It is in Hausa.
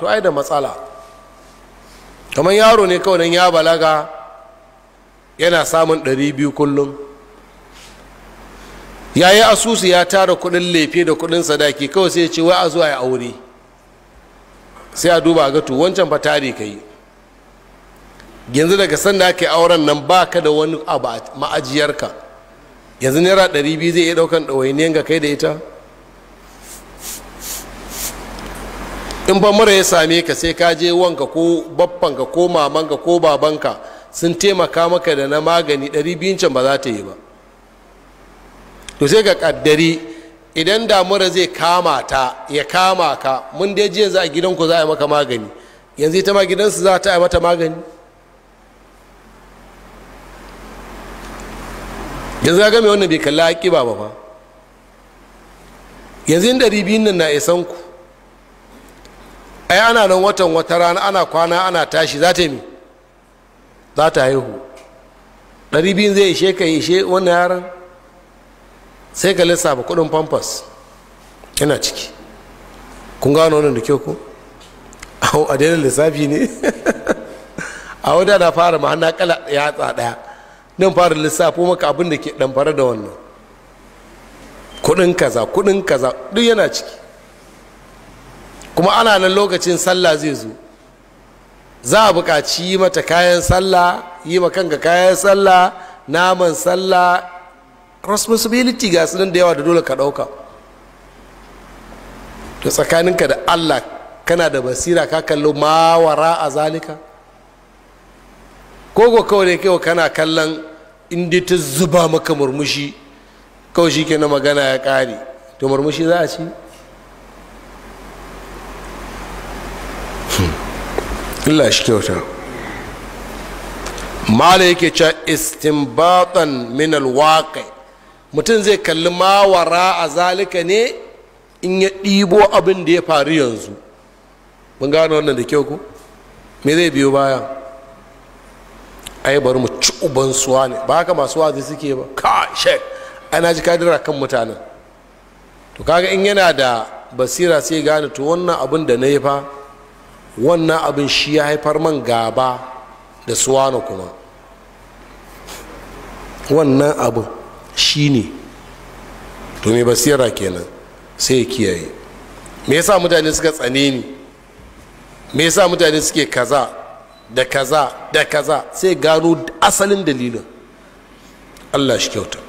to ai da matsala kamar yaro ne kawai ya balaga yana samun ɗari biyu kullum ya yi asusu ya tara kuɗin lefe da kuɗin sadaki kawai sai ya ce wai a zuwa ya aure sai a duba ga to wancan fa tari kai yanzu daga sanda ake auren nan ba ka da wani abu ma'ajiyarka yanzu naira ɗari biyu zai iya ɗaukan ɗawainiyar ga kai da ita in ba mura ya same ka sai ka je wanka ko baffanka ko mamanka ko babanka sun taimaka maka da na magani ɗari biyun can ba za ta yi ba to sai ka ƙaddari idan damura zai kama ta ya kama ka mun dai ji yanzu a gidanku za a yi maka magani yanzu ita ma gidansu za ta yi mata magani yanzu ga mai wannan bai kalli haƙi ba ba yanzu in ɗari biyun nan na isan ku ai ana nan watan wata rana ana kwana ana tashi za ta yi za ta haihu ɗari biyun zai ishe ka ishe wannan yaran sai ka lissafa kuɗin pampas yana ciki kun gano wannan da kyau ko a daina lissafi ne a wadda na fara ma na kala yatsa ɗaya don fara lissafo maka abin da ke ɗamfara da wannan kuɗin kaza kuɗin kaza duk yana ciki kuma ana nan lokacin sallah zai zo za a buƙaci yi mata kayan sallah yi ma kanka kayan sallah naman sallah responsibility ga nan da yawa da dole ka ɗauka to tsakaninka da allah kana da basira ka kallo mawara a zalika kogo kawai ne kawai kana kallon inda ta zuba maka murmushi kawai shi ke na magana ya ƙare to murmushi za a ci Allah shi kyauta mala yake cewa istimbatan min alwaqi mutum zai kalli mawara a zalika ne in ya ɗibo abin da ya faru yanzu mun gano wannan da kyau ku me zai biyo baya ai bari mu ci uban suwa ne ba haka masu wazi suke ba ka shek ana ji kadira kan mutanen to kaga in yana da basira sai gane to wannan abin da na yi fa wannan abin shi ya haifar man gaba da suwana kuma wannan abin shi ne to mai basira kenan sai ya kiyaye me yasa mutane suka tsane ni me yasa mutane suke kaza da kaza da kaza sai gano asalin dalilin allah shi kyauta